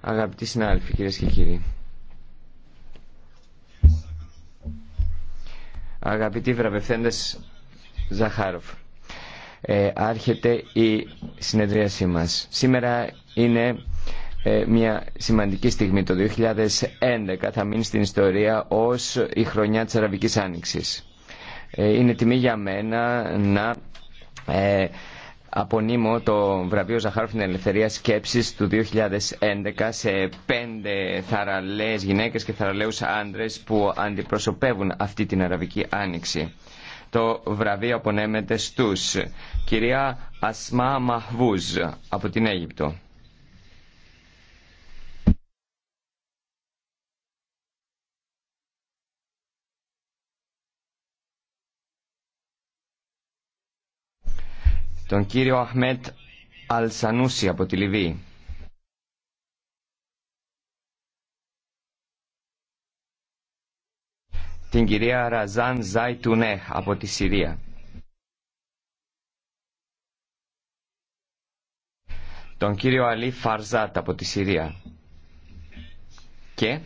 Αγαπητοί συνάδελφοι, κυρίες και κύριοι. Αγαπητοί βραβευθέντες Ζαχάροφ. Ε, άρχεται η συνεδρίασή μας. Σήμερα είναι ε, μια σημαντική στιγμή. Το 2011 θα μείνει στην ιστορία ως η χρονιά της Αραβικής Άνοιξης. Ε, είναι τιμή για μένα να... Ε, απονείμω το βραβείο Ζαχάροφ στην Ελευθερία Σκέψης του 2011 σε πέντε θαραλέες γυναίκες και θαραλέους άντρες που αντιπροσωπεύουν αυτή την Αραβική Άνοιξη. Το βραβείο απονέμεται στους κυρία Ασμά Μαχβούζ από την Αίγυπτο. τον κύριο Αχμέτ Αλσανούση από τη Λιβύη. την κυρία Ραζάν Ζάι από τη Συρία. Τον κύριο Αλή Φαρζάτ από τη Συρία. Και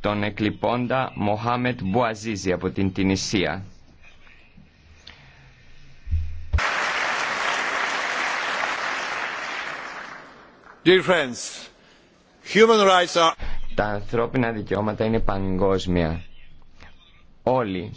τον εκλειπώντα Μοχάμετ Μπουαζίζη από την Τινησία. Τα ανθρώπινα δικαιώματα είναι παγκόσμια. Όλοι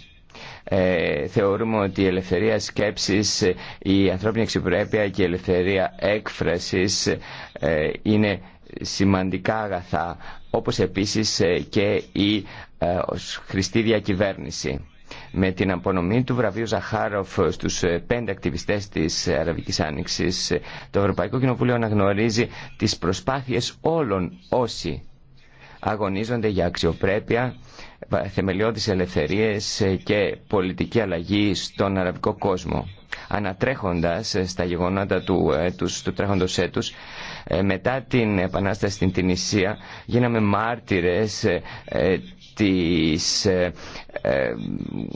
ε, θεωρούμε ότι η ελευθερία σκέψης, η ανθρώπινη εξυπρέπεια και η ελευθερία έκφρασης ε, είναι σημαντικά αγαθά, όπως επίσης ε, και η ε, χρηστή διακυβέρνηση με την απονομή του βραβείου Ζαχάροφ στους ε, πέντε ακτιβιστές της Αραβικής Άνοιξης. Ε, το Ευρωπαϊκό Κοινοβούλιο αναγνωρίζει τις προσπάθειες όλων όσοι αγωνίζονται για αξιοπρέπεια, θεμελιώδεις ελευθερίες ε, και πολιτική αλλαγή στον αραβικό κόσμο. Ανατρέχοντας στα γεγονότα του, έτους, του τρέχοντος έτους, μετά την Επανάσταση στην Τινησία, γίναμε μάρτυρες της ε, ε,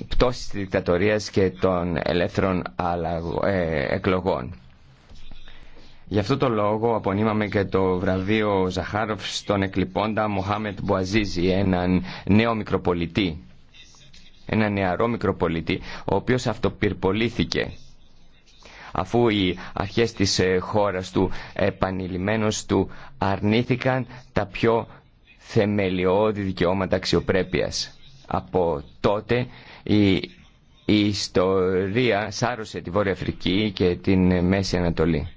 πτώσης της δικτατορίας και των ελεύθερων αλλαγω, ε, εκλογών. Γι' αυτό το λόγο απονείμαμε και το βραβείο Ζαχάροφ στον εκλειπώντα Μοχάμετ Μποαζίζη, έναν νέο μικροπολιτή, έναν νεαρό μικροπολιτή, ο οποίος αυτοπυρπολήθηκε αφού οι αρχές της ε, χώρας του επανειλημμένως του αρνήθηκαν τα πιο θεμελιώδη δικαιώματα αξιοπρέπειας. Από τότε η, ιστορία σάρωσε τη Βόρεια Αφρική και την Μέση Ανατολή.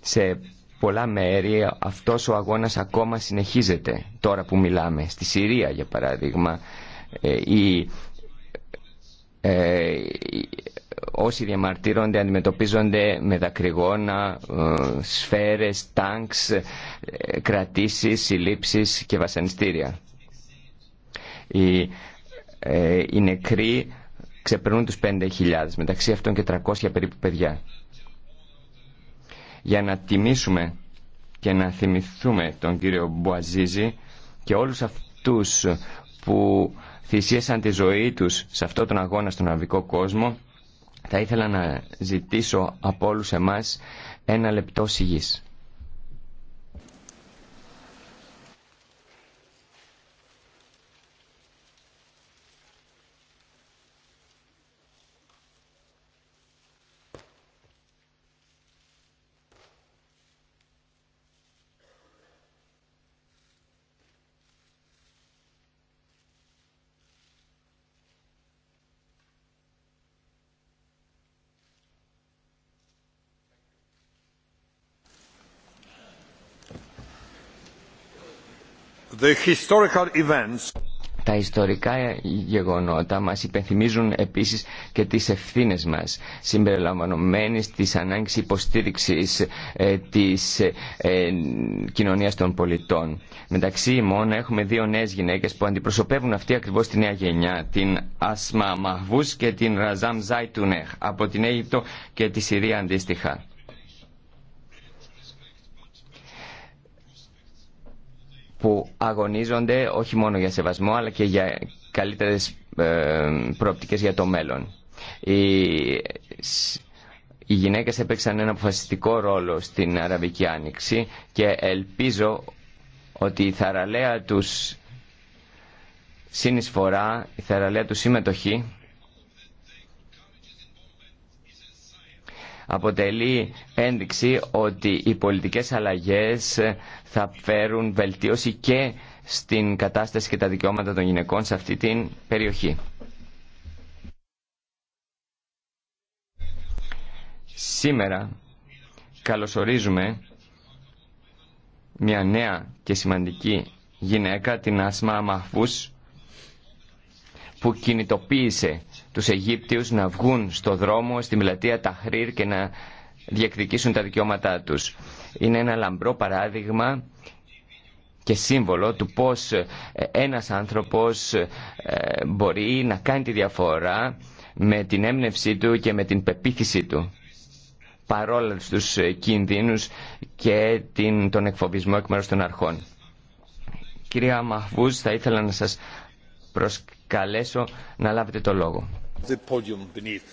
Σε πολλά μέρη αυτός ο αγώνας ακόμα συνεχίζεται τώρα που μιλάμε. Στη Συρία για παράδειγμα ε, η, ε, όσοι διαμαρτύρονται αντιμετωπίζονται με δακρυγόνα, ε, σφαίρες, τάγκς, ε, κρατήσεις, συλλήψεις και βασανιστήρια. Οι, ε, νεκροί ξεπερνούν τους 5.000, μεταξύ αυτών και 300 περίπου παιδιά. Για να τιμήσουμε και να θυμηθούμε τον κύριο Μπουαζίζη και όλους αυτούς που θυσίασαν τη ζωή τους σε αυτόν τον αγώνα στον αραβικό κόσμο, θα ήθελα να ζητήσω από όλους εμάς ένα λεπτό σιγής. Τα ιστορικά γεγονότα μας υπενθυμίζουν επίσης και τις ευθύνες μας συμπεριλαμβανομένης της ανάγκης υποστήριξης ε, της ε, ε, κοινωνίας των πολιτών. Μεταξύ ημών έχουμε δύο νέες γυναίκες που αντιπροσωπεύουν αυτή ακριβώς τη νέα γενιά την Ασμα Μαχβούς και την Ραζάμ Ζάιτουνεχ από την Αίγυπτο και τη Συρία αντίστοιχα. που αγωνίζονται όχι μόνο για σεβασμό αλλά και για καλύτερες ε, προοπτικές για το μέλλον. Οι, οι γυναίκες έπαιξαν ένα αποφασιστικό ρόλο στην Αραβική Άνοιξη και ελπίζω ότι η θαραλέα τους συνεισφορά, η θαραλέα τους συμμετοχή αποτελεί ένδειξη ότι οι πολιτικές αλλαγές θα φέρουν βελτίωση και στην κατάσταση και τα δικαιώματα των γυναικών σε αυτή την περιοχή. Σήμερα καλωσορίζουμε μια νέα και σημαντική γυναίκα, την Ασμά που κινητοποίησε τους Αιγύπτιους να βγουν στο δρόμο, στη Μιλατεία Ταχρήρ και να διεκδικήσουν τα δικαιώματά τους. Είναι ένα λαμπρό παράδειγμα και σύμβολο του πώς ε, ένας άνθρωπος ε, μπορεί να κάνει τη διαφορά με την έμπνευσή του και με την πεποίθησή του παρόλα τους ε, κινδύνους και την, τον εκφοβισμό εκ μέρους των αρχών. Κυρία Μαχβούς, θα ήθελα να σας καλέσω να λάβετε το λόγο. The podium beneath,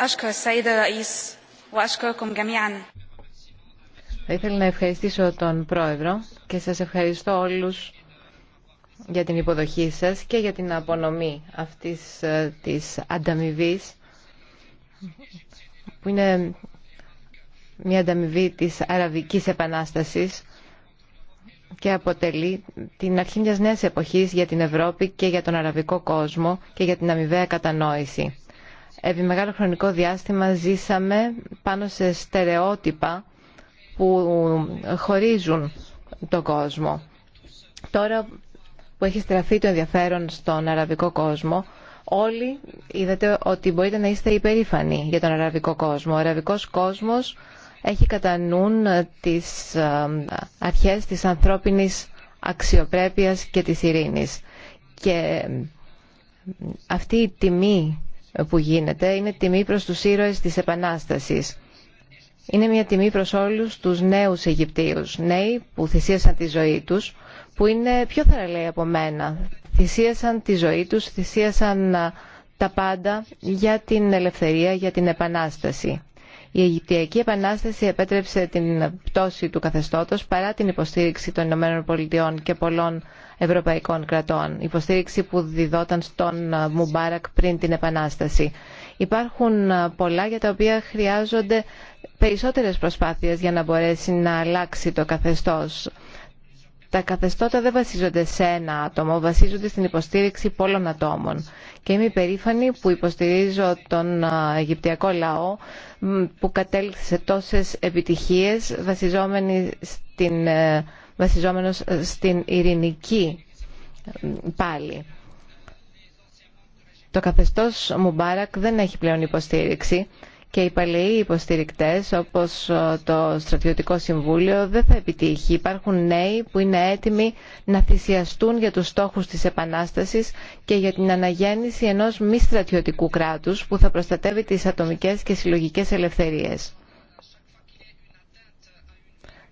Θα ήθελα να ευχαριστήσω τον Πρόεδρο και σας ευχαριστώ όλους για την υποδοχή σας και για την απονομή αυτής ε, της ανταμοιβή που είναι μια ανταμοιβή της Αραβικής Επανάστασης και αποτελεί την αρχή μιας νέας εποχής για την Ευρώπη και για τον αραβικό κόσμο και για την αμοιβαία κατανόηση επί μεγάλο χρονικό διάστημα ζήσαμε πάνω σε στερεότυπα που χωρίζουν τον κόσμο. Τώρα που έχει στραφεί το ενδιαφέρον στον αραβικό κόσμο, όλοι είδατε ότι μπορείτε να είστε υπερήφανοι για τον αραβικό κόσμο. Ο αραβικός κόσμος έχει κατά νου τις ε, αρχές της ανθρώπινης αξιοπρέπειας και της ειρήνης. Και ε, αυτή η τιμή που γίνεται είναι τιμή προς τους ήρωες της Επανάστασης. Είναι μια τιμή προς όλους τους νέους Αιγυπτίους, νέοι που θυσίασαν τη ζωή τους, που είναι πιο θαραλέοι από μένα. Θυσίασαν τη ζωή τους, θυσίασαν τα πάντα για την ελευθερία, για την επανάσταση. Η Αιγυπτιακή Επανάσταση επέτρεψε την πτώση του καθεστώτος παρά την υποστήριξη των Ηνωμένων Πολιτειών και πολλών ευρωπαϊκών κρατών, υποστήριξη που διδόταν στον ε, Μουμπάρακ πριν την Επανάσταση. Υπάρχουν ε, πολλά για τα οποία χρειάζονται περισσότερες προσπάθειες για να μπορέσει να αλλάξει το καθεστώς. Τα καθεστώτα δεν βασίζονται σε ένα άτομο, βασίζονται στην υποστήριξη πολλών ατόμων. Και είμαι υπερήφανη που υποστηρίζω τον ε, Αιγυπτιακό λαό που κατέληξε σε τόσες επιτυχίες βασιζόμενοι στην βασιζόμενος ε, στην ειρηνική ε, πάλι. Το καθεστώς Μουμπάρακ δεν έχει πλέον υποστήριξη και οι παλαιοί υποστηρικτές όπως ε, το Στρατιωτικό Συμβούλιο δεν θα επιτύχει. Υπάρχουν νέοι που είναι έτοιμοι να θυσιαστούν για τους στόχους της επανάστασης και για την αναγέννηση ενός μη στρατιωτικού κράτους που θα προστατεύει τις ατομικές και συλλογικές ελευθερίες.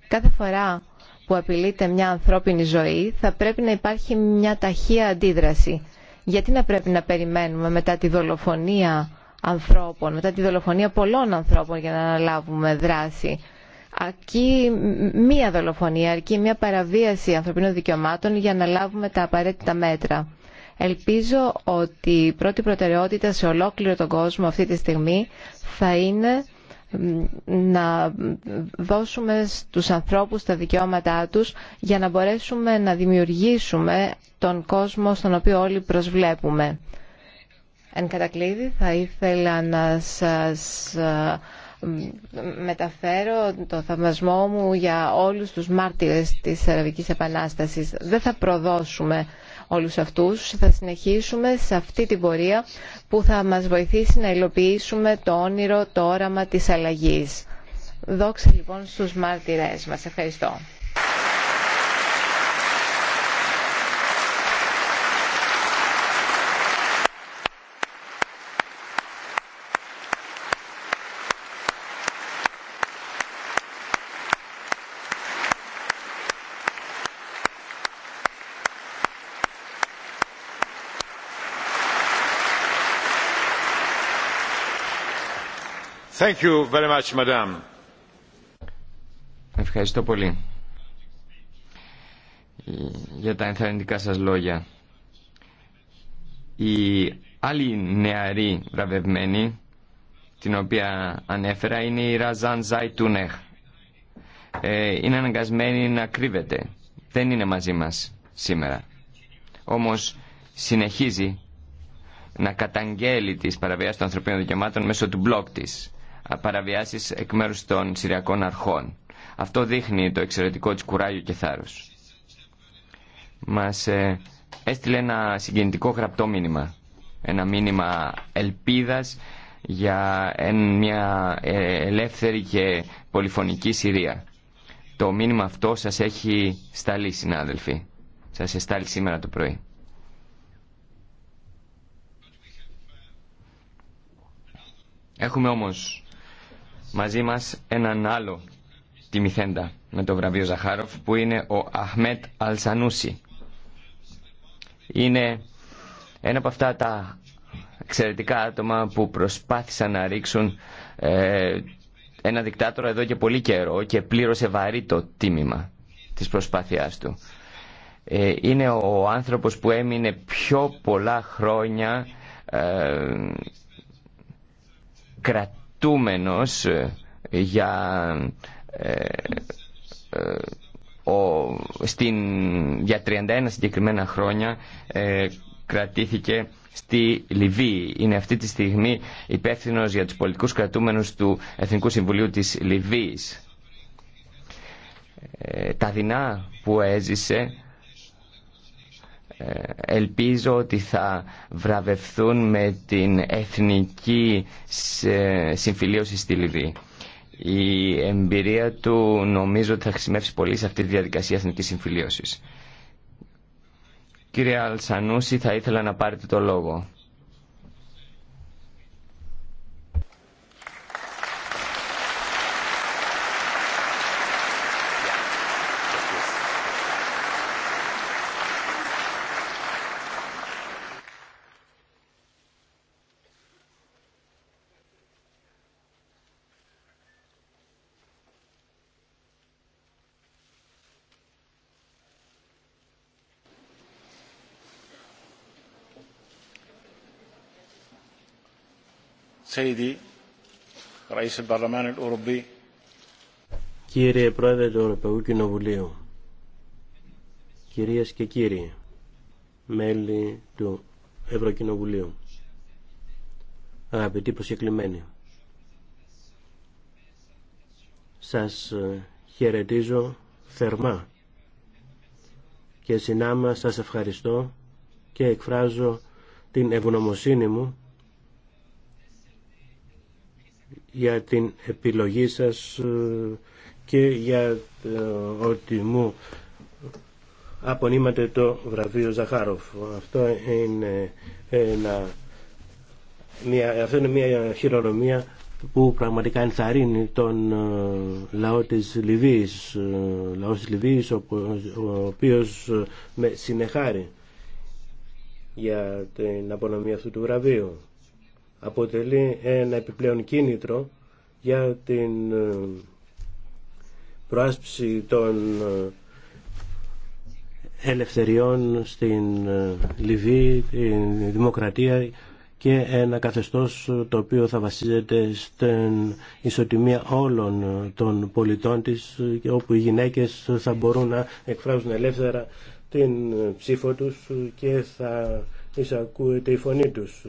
Κάθε φορά που απειλείται μια ανθρώπινη ζωή, θα πρέπει να υπάρχει μια ταχεία αντίδραση. Γιατί να πρέπει να περιμένουμε μετά τη δολοφονία ανθρώπων, μετά τη δολοφονία πολλών ανθρώπων για να αναλάβουμε δράση. Αρκεί μία δολοφονία, αρκεί μία παραβίαση ανθρωπίνων δικαιωμάτων για να λάβουμε τα απαραίτητα μέτρα. Ελπίζω ότι η πρώτη προτεραιότητα σε ολόκληρο τον κόσμο αυτή τη στιγμή θα είναι να δώσουμε στους ανθρώπους τα δικαιώματά τους για να μπορέσουμε να δημιουργήσουμε τον κόσμο στον οποίο όλοι προσβλέπουμε. Εν κατακλείδη θα ήθελα να σας μεταφέρω το θαυμασμό μου για όλους τους μάρτυρες της Αραβικής Επανάστασης. Δεν θα προδώσουμε όλους αυτούς. Θα συνεχίσουμε σε αυτή την πορεία που θα μας βοηθήσει να υλοποιήσουμε το όνειρο, το όραμα της αλλαγής. Δόξα λοιπόν στους μάρτυρές μας. Ευχαριστώ. Ευχαριστώ πολύ για τα ενθαρρυντικά σας λόγια. Η άλλη νεαρή βραβευμένη, την οποία ανέφερα, είναι η Ραζάν Ζάι Τούνεχ. Ε, είναι αναγκασμένη να κρύβεται. Δεν είναι μαζί μας σήμερα. Όμως συνεχίζει να καταγγέλει τις παραβιάσεις των ανθρωπίνων δικαιωμάτων μέσω του blog της παραβιάσει εκ μέρου των Συριακών αρχών. Αυτό δείχνει το εξαιρετικό της κουράγιο και θάρρος. Μας ε, έστειλε ένα συγκινητικό γραπτό μήνυμα. Ένα μήνυμα ελπίδας για μια ε, ελεύθερη και πολυφωνική Συρία. Το μήνυμα αυτό σας έχει σταλεί, συνάδελφοι. Σα εστάλει σήμερα το πρωί. Έχουμε όμως μαζί μας έναν άλλο τιμηθέντα με το βραβείο Ζαχάροφ που είναι ο Αχμέτ Αλσανούση. Είναι ένα από αυτά τα εξαιρετικά άτομα που προσπάθησαν να ρίξουν ε, ένα δικτάτορα εδώ και πολύ καιρό και πλήρωσε βαρύ το τίμημα της προσπάθειάς του. Ε, είναι ο άνθρωπος που έμεινε πιο πολλά χρόνια ε, κρατή ε, για ε, ε, στην, για 31 συγκεκριμένα χρόνια κρατήθηκε στη Λιβύη. Είναι αυτή τη στιγμή υπεύθυνο για τους πολιτικούς κρατούμενους του Εθνικού Συμβουλίου της Λιβύης. τα δεινά που έζησε ελπίζω ότι θα βραβευθούν με την εθνική ε, συμφιλίωση στη Λιβύη. Η εμπειρία του νομίζω ότι θα χρησιμεύσει πολύ σε αυτή τη διαδικασία εθνικής συμφιλίωσης. Κύριε Αλσανούση, θα ήθελα να πάρετε το λόγο. Κύριε Πρόεδρε του Ευρωπαϊκού Κοινοβουλίου, κυρίες και κύριοι, μέλη του Ευρωκοινοβουλίου, αγαπητοί προσκεκλημένοι, σας χαιρετίζω θερμά και συνάμα σας ευχαριστώ και εκφράζω την ευγνωμοσύνη μου για την επιλογή σας ε, και για ε, ότι μου απονείματε το βραβείο Ζαχάροφ. Αυτό είναι μια, αυτό είναι μια χειρονομία που πραγματικά ενθαρρύνει τον ε, λαό της Λιβύης, λαός της Λιβύης ο, οποίος με συνεχάρει για την απονομία αυτού του βραβείου αποτελεί ένα επιπλέον κίνητρο για την ε, προάσπιση των ε, ελευθεριών στην ε, Λιβύη, τη δημοκρατία και ένα καθεστώς το οποίο θα βασίζεται στην ισοτιμία όλων των πολιτών της όπου οι γυναίκες θα μπορούν να εκφράζουν ελεύθερα την ψήφο τους και θα εισακούεται η φωνή τους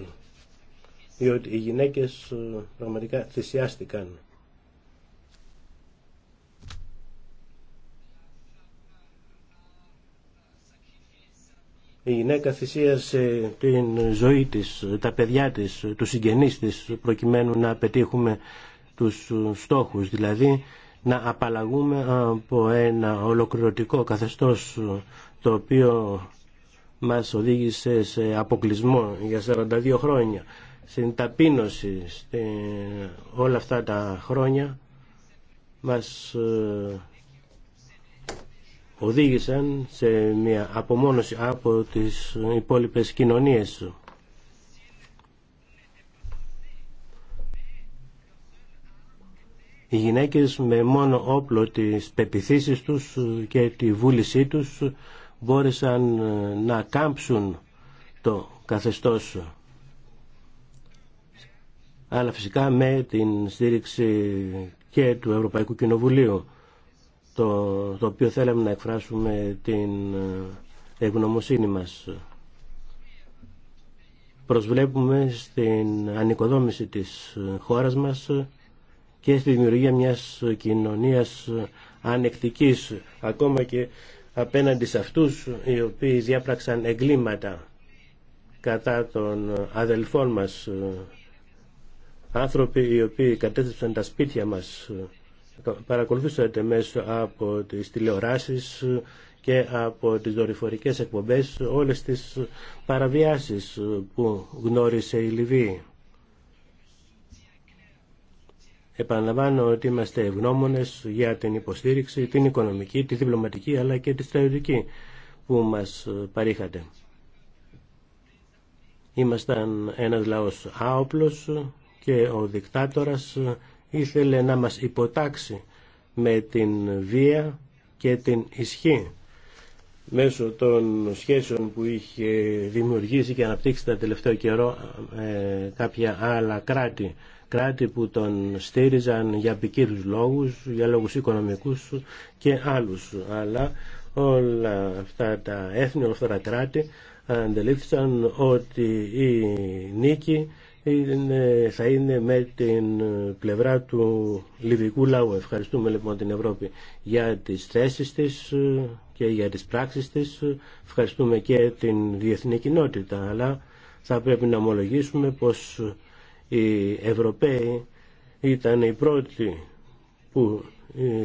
διότι οι γυναίκες ε, πραγματικά θυσιάστηκαν. Η γυναίκα θυσίασε την ζωή της, τα παιδιά της, τους συγγενείς της προκειμένου να πετύχουμε τους ε, στόχους, δηλαδή να απαλλαγούμε από ένα ολοκληρωτικό καθεστώς ε, το οποίο μας οδήγησε σε αποκλεισμό για 42 χρόνια στην ταπείνωση στην... όλα αυτά τα χρόνια μας ε, οδήγησαν σε μια απομόνωση από τις υπόλοιπες κοινωνίες Οι γυναίκες με μόνο όπλο τις πεπιθήσεις τους και τη βούλησή τους μπόρεσαν ε, να κάμψουν το καθεστώς αλλά φυσικά με την στήριξη και του Ευρωπαϊκού Κοινοβουλίου το, το οποίο θέλαμε να εκφράσουμε την ε, ευγνωμοσύνη μας. Προσβλέπουμε στην ανοικοδόμηση της ε, χώρας μας και στη δημιουργία μιας κοινωνίας ανεκτικής ακόμα και απέναντι σε αυτούς οι οποίοι διάπραξαν εγκλήματα κατά των αδελφών μας ε, Άνθρωποι οι οποίοι κατέθεσαν τα σπίτια μας παρακολουθούσατε μέσω από τις τηλεοράσεις και από τις δορυφορικές εκπομπές όλες τις παραβιάσεις που γνώρισε η Λιβύη. Επαναλαμβάνω ότι είμαστε ευγνώμονες για την υποστήριξη, την οικονομική, τη διπλωματική αλλά και τη στρατιωτική που μας παρήχατε. Ήμασταν ένας λαός άοπλος και ο δικτάτορας ήθελε να μας υποτάξει με την βία και την ισχύ μέσω των σχέσεων που είχε δημιουργήσει και αναπτύξει τα τελευταίο καιρό ε, κάποια άλλα κράτη κράτη που τον στήριζαν για ποικίλου λόγους, για λόγους οικονομικούς και άλλους. Αλλά όλα αυτά τα έθνη, όλα αυτά τα κράτη ε, αντελήφθησαν ότι η νίκη θα είναι με την πλευρά του Λιβικού λαού. Ευχαριστούμε λοιπόν την Ευρώπη για τις θέσεις της και για τις πράξεις της. Ευχαριστούμε και την διεθνή κοινότητα, αλλά θα πρέπει να ομολογήσουμε πως οι Ευρωπαίοι ήταν οι πρώτοι που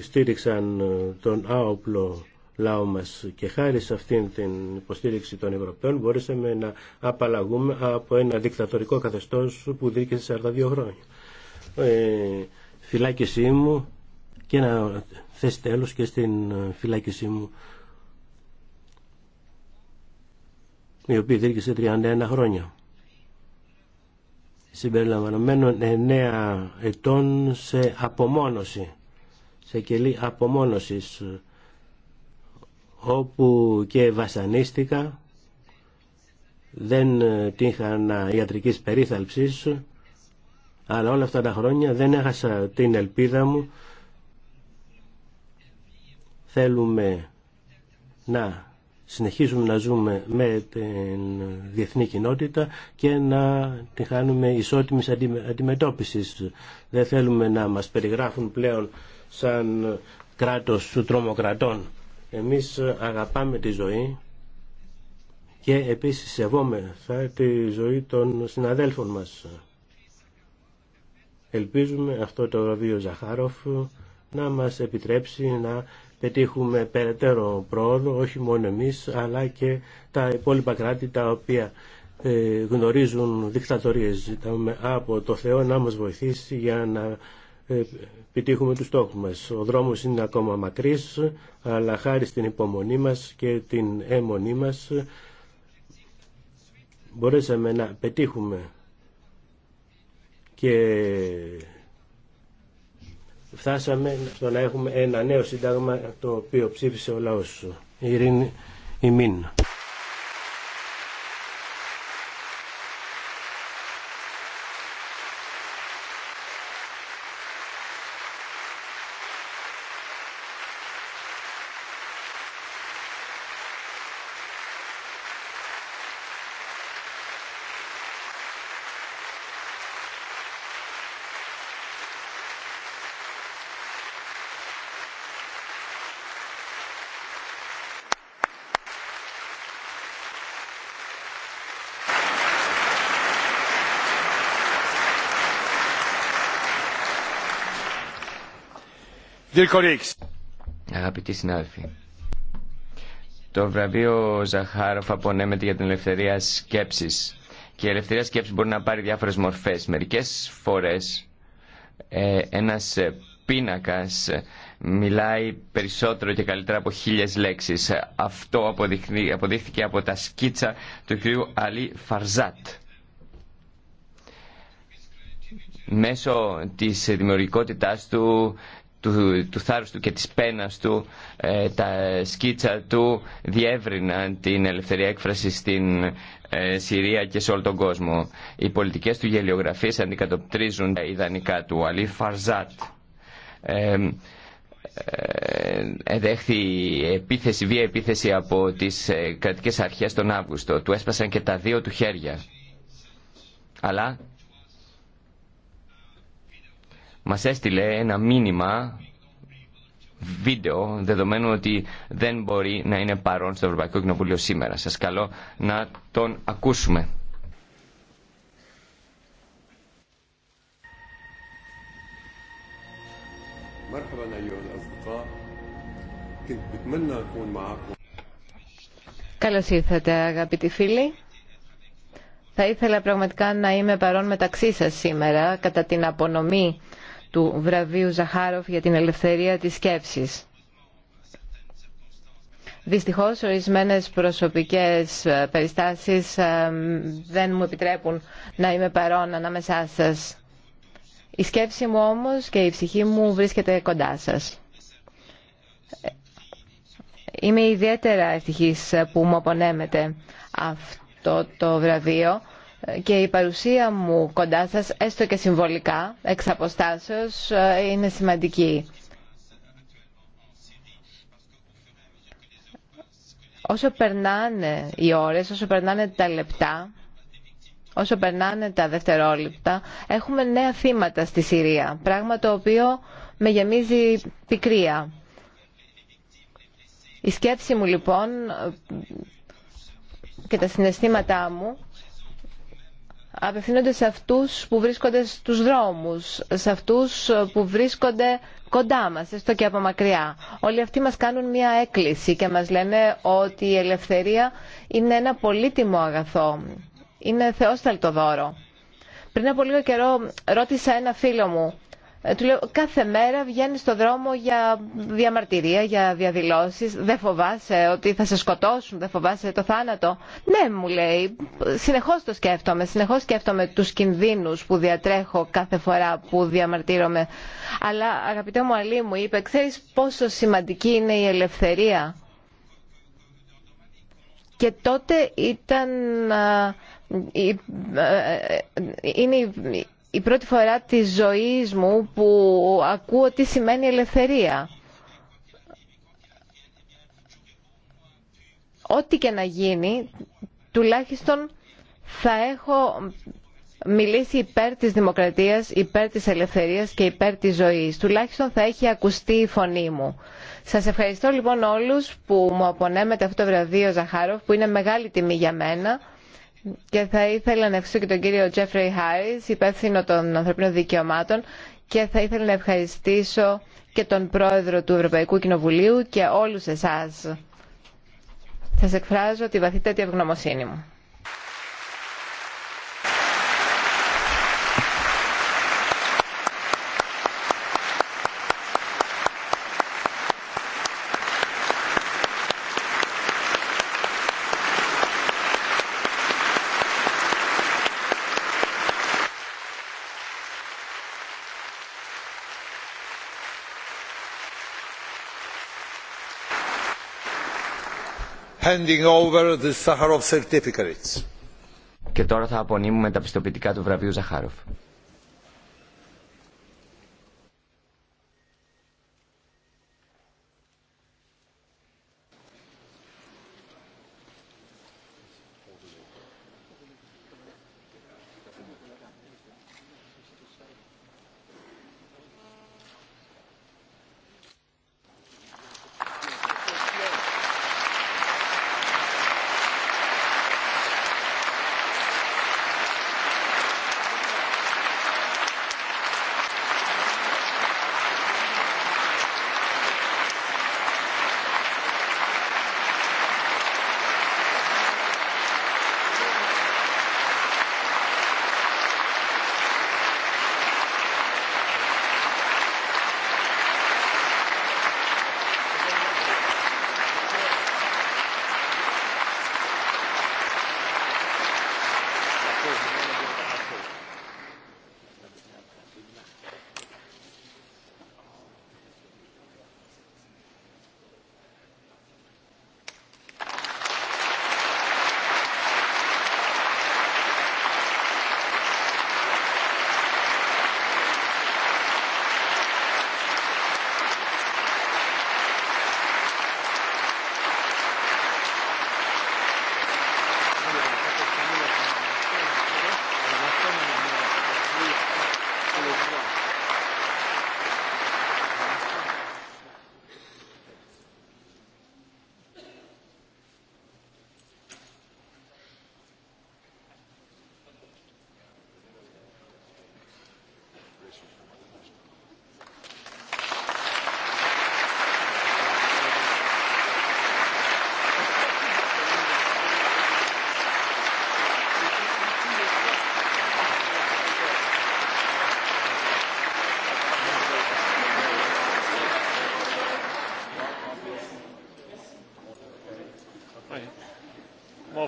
στήριξαν τον άοπλο Λαό μας. Και χάρη σε αυτήν την υποστήριξη των Ευρωπαίων μπορέσαμε να απαλλαγούμε από ένα δικτατορικό καθεστώς που δίκησε 42 χρόνια. Ε, φυλάκισή μου και να θέσει τέλος και στην ε, φυλάκισή μου η οποία δίκησε 31 χρόνια συμπεριλαμβανομένων 9 ετών σε απομόνωση, σε κελί απομόνωσης όπου και βασανίστηκα δεν ε, τύχανα ιατρικής περίθαλψης αλλά όλα αυτά τα χρόνια δεν έχασα την ελπίδα μου θέλουμε να συνεχίζουμε να ζούμε με την διεθνή κοινότητα και να την χάνουμε ισότιμης αντιμετώπισης. Δεν θέλουμε να μας περιγράφουν πλέον σαν κράτος του τρομοκρατών. Εμείς αγαπάμε τη ζωή και επίσης σεβόμεθα τη ζωή των συναδέλφων μας. Ελπίζουμε αυτό το βραβείο Ζαχάροφ να μας επιτρέψει να πετύχουμε περαιτέρω πρόοδο, όχι μόνο εμείς, αλλά και τα υπόλοιπα κράτη τα οποία ε, γνωρίζουν δικτατορίες. Ζητάμε από το Θεό να μας βοηθήσει για να ε, επιτύχουμε τους στόχους μας. Ο δρόμος είναι ακόμα μακρύς, αλλά χάρη στην υπομονή μας και την αίμονή μας μπορέσαμε να πετύχουμε και φτάσαμε στο να έχουμε ένα νέο σύνταγμα το οποίο ψήφισε ο λαός. Ειρήνη Ημίνα. Αγαπητοί συνάδελφοι, το βραβείο Ζαχάροφ απονέμεται για την ελευθερία σκέψης και η ελευθερία σκέψης μπορεί να πάρει διάφορες μορφές. Μερικές φορές ε, ένας πίνακας μιλάει περισσότερο και καλύτερα από χίλιες λέξεις. Αυτό αποδείχθηκε από τα σκίτσα του κ. Αλή Φαρζάτ. Μέσω της δημιουργικότητάς του του, του θάρρους του και της πένας του, ε, τα σκίτσα του διεύρυναν την ελευθερία έκφραση στην ε, Συρία και σε όλο τον κόσμο. Οι πολιτικές του γελιογραφίες αντικατοπτρίζουν τα ιδανικά του. Αλή Φαρζάτ ε, ε επίθεση, βία επίθεση από τις κρατικές αρχές τον Αύγουστο. Του έσπασαν και τα δύο του χέρια. Αλλά μας έστειλε ένα μήνυμα βίντεο, δεδομένου ότι δεν μπορεί να είναι παρόν στο Ευρωπαϊκό Κοινοβούλιο σήμερα. Σας καλώ να τον ακούσουμε. Καλώς ήρθατε αγαπητοί φίλοι. Θα ήθελα πραγματικά να είμαι παρόν μεταξύ σας σήμερα κατά την απονομή του βραβείου Ζαχάροφ για την ελευθερία της σκέψης. Δυστυχώς, ορισμένες προσωπικές ε, περιστάσεις ε, δεν μου επιτρέπουν να είμαι παρόν ανάμεσά σας. Η σκέψη μου όμως και η ψυχή μου βρίσκεται κοντά σας. Είμαι ιδιαίτερα ευτυχής που μου απονέμεται αυτό το βραβείο και η παρουσία μου κοντά σας, έστω και συμβολικά, εξ ε, είναι σημαντική. Όσο περνάνε οι ώρες, όσο περνάνε τα λεπτά, όσο περνάνε τα δευτερόλεπτα, έχουμε νέα θύματα στη Συρία, πράγμα το οποίο με γεμίζει πικρία. Η σκέψη μου λοιπόν ε, και τα συναισθήματά μου απευθύνονται σε αυτούς που βρίσκονται στους δρόμους, σε αυτούς που βρίσκονται κοντά μας, έστω και από μακριά. Όλοι αυτοί μας κάνουν μια έκκληση και μας λένε ότι η ελευθερία είναι ένα πολύτιμο αγαθό. Είναι θεόσταλτο δώρο. Πριν από λίγο καιρό ρώτησα ένα φίλο μου ε, του λέω κάθε μέρα βγαίνει στο δρόμο για διαμαρτυρία, για διαδηλώσει. Δεν φοβάσαι ότι θα σε σκοτώσουν, δεν φοβάσαι το θάνατο. Ναι, μου λέει, συνεχώ το σκέφτομαι. Συνεχώ σκέφτομαι του κινδύνου που διατρέχω κάθε φορά που διαμαρτύρομαι. Αλλά αγαπητέ μου Αλή μου είπε, ξέρει πόσο σημαντική είναι η ελευθερία. Και τότε ήταν. Ε, ε, η πρώτη φορά της ζωής μου που ακούω τι σημαίνει ελευθερία. Ό,τι και να γίνει, τουλάχιστον θα έχω μιλήσει υπέρ της δημοκρατίας, υπέρ της ελευθερίας και υπέρ της ζωής. Τουλάχιστον θα έχει ακουστεί η φωνή μου. Σας ευχαριστώ λοιπόν όλους που μου απονέμετε αυτό το βραβείο Ζαχάροφ, που είναι μεγάλη τιμή για μένα και θα ήθελα να ευχαριστήσω και τον κύριο Τζέφρεϊ Χάρι, υπεύθυνο των ανθρωπίνων δικαιωμάτων, και θα ήθελα να ευχαριστήσω και τον πρόεδρο του Ευρωπαϊκού Κοινοβουλίου και όλους εσάς. Σας εκφράζω τη βαθύτατη ευγνωμοσύνη μου. Και τώρα θα απονείμουμε τα πιστοποιητικά του βραβείου Ζαχάροφ.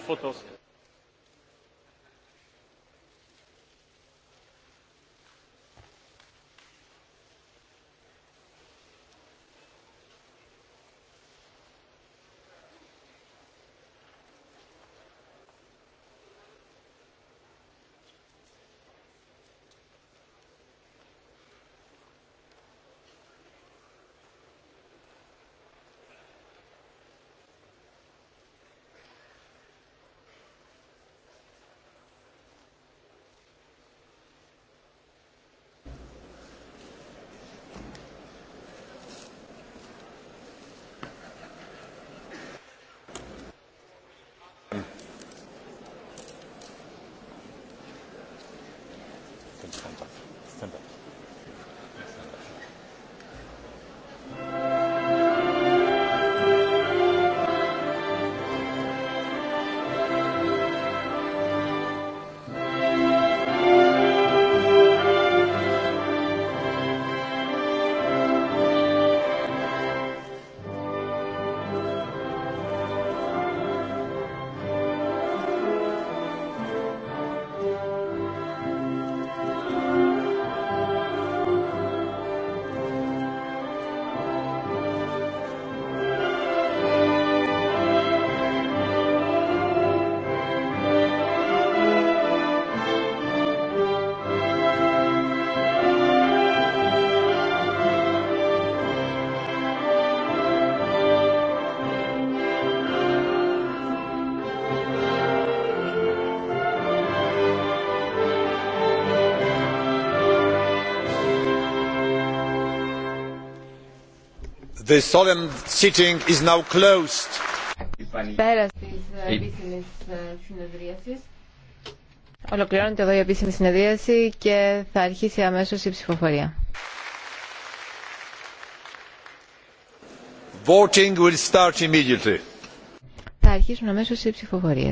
fotos. The solemn sitting is now closed. Ε, επίσημη ε, συνεδρίαση. Ολοκληρώνεται εδώ η επίσημη συνεδρίαση και θα αρχίσει αμέσως η ψηφοφορία. Voting will start immediately. Θα αρχίσουν αμέσως οι ψηφοφορίε.